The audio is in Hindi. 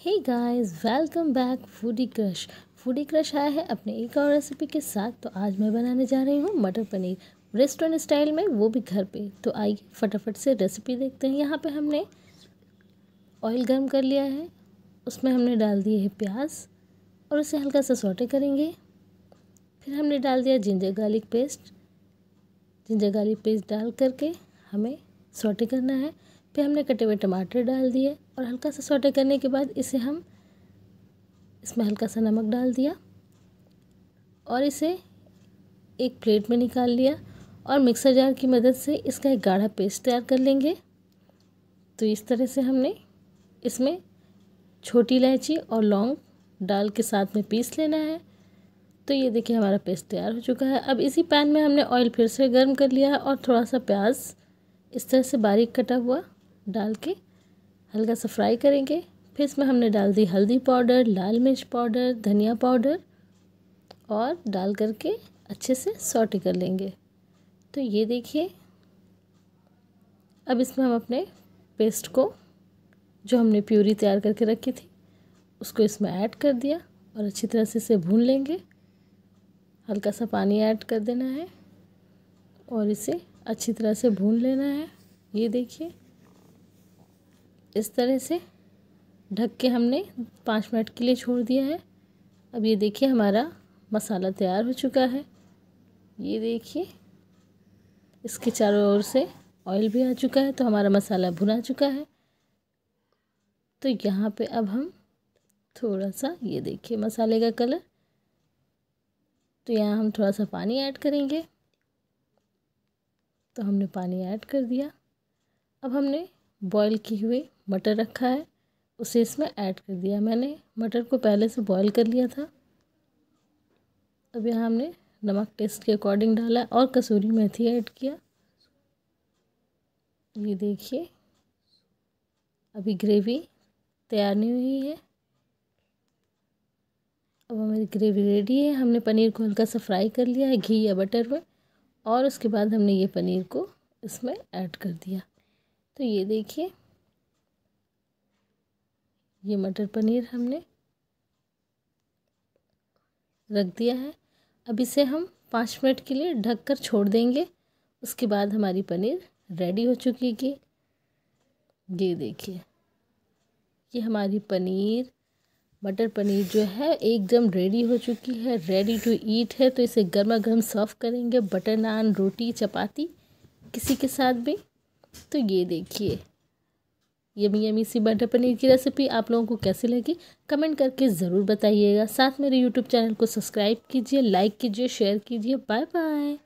हे guys welcome back foodie crush foodie crush आया है अपने एक और रेसिपी के साथ तो आज मैं बनाने जा रही हूँ मटर पनीर रेस्टोरेंट स्टाइल में वो भी घर पे तो आइए फटाफट से रेसिपी देखते हैं यहाँ पे हमने ऑयल गर्म कर लिया है उसमें हमने डाल दिए है प्याज और उसे हल्का सा सोटे करेंगे फिर हमने डाल दिया ginger garlic paste ginger garlic paste डाल करके हमें सोटे करना है पे हमने कटे हुए टमाटर डाल दिए और हल्का सा सोटे करने के बाद इसे हम इसमें हल्का सा नमक डाल दिया और इसे एक प्लेट में निकाल लिया और मिक्सर जार की मदद से इसका एक गाढ़ा पेस्ट तैयार कर लेंगे तो इस तरह से हमने इसमें छोटी इलायची और लौंग डाल के साथ में पीस लेना है तो ये देखिए हमारा पेस्ट तैयार हो चुका है अब इसी पैन में हमने ऑयल फिर से गर्म कर लिया है और थोड़ा सा प्याज इस तरह से बारीक कटा हुआ डाल के हल्का सा फ्राई करेंगे फिर इसमें हमने डाल दी हल्दी पाउडर लाल मिर्च पाउडर धनिया पाउडर और डाल करके अच्छे से सॉटी कर लेंगे तो ये देखिए अब इसमें हम अपने पेस्ट को जो हमने प्यूरी तैयार करके रखी थी उसको इसमें ऐड कर दिया और अच्छी तरह से इसे भून लेंगे हल्का सा पानी ऐड कर देना है और इसे अच्छी तरह से भून लेना है ये देखिए इस तरह से ढक के हमने पाँच मिनट के लिए छोड़ दिया है अब ये देखिए हमारा मसाला तैयार हो चुका है ये देखिए इसके चारों ओर से ऑयल भी आ चुका है तो हमारा मसाला भुना चुका है तो यहाँ पे अब हम थोड़ा सा ये देखिए मसाले का कलर तो यहाँ हम थोड़ा सा पानी ऐड करेंगे तो हमने पानी ऐड कर दिया अब हमने बॉईल की हुई मटर रखा है उसे इसमें ऐड कर दिया मैंने मटर को पहले से बॉईल कर लिया था अब यहाँ हमने नमक टेस्ट के अकॉर्डिंग डाला और कसूरी मेथी ऐड किया ये देखिए अभी ग्रेवी तैयार नहीं हुई है अब हमारी ग्रेवी रेडी है हमने पनीर को हल्का सा फ्राई कर लिया है घी या बटर में और उसके बाद हमने ये पनीर को इसमें ऐड कर दिया तो ये देखिए ये मटर पनीर हमने रख दिया है अब इसे हम पाँच मिनट के लिए ढक कर छोड़ देंगे उसके बाद हमारी पनीर रेडी हो चुकी है ये देखिए ये हमारी पनीर मटर पनीर जो है एकदम रेडी हो चुकी है रेडी टू ईट है तो इसे गर्मा गर्म सर्व करेंगे बटर नान रोटी चपाती किसी के साथ भी तो ये देखिए यमी यमी सी बटर पनीर की रेसिपी आप लोगों को कैसी लगी कमेंट करके ज़रूर बताइएगा साथ मेरे यूट्यूब चैनल को सब्सक्राइब कीजिए लाइक कीजिए शेयर कीजिए बाय बाय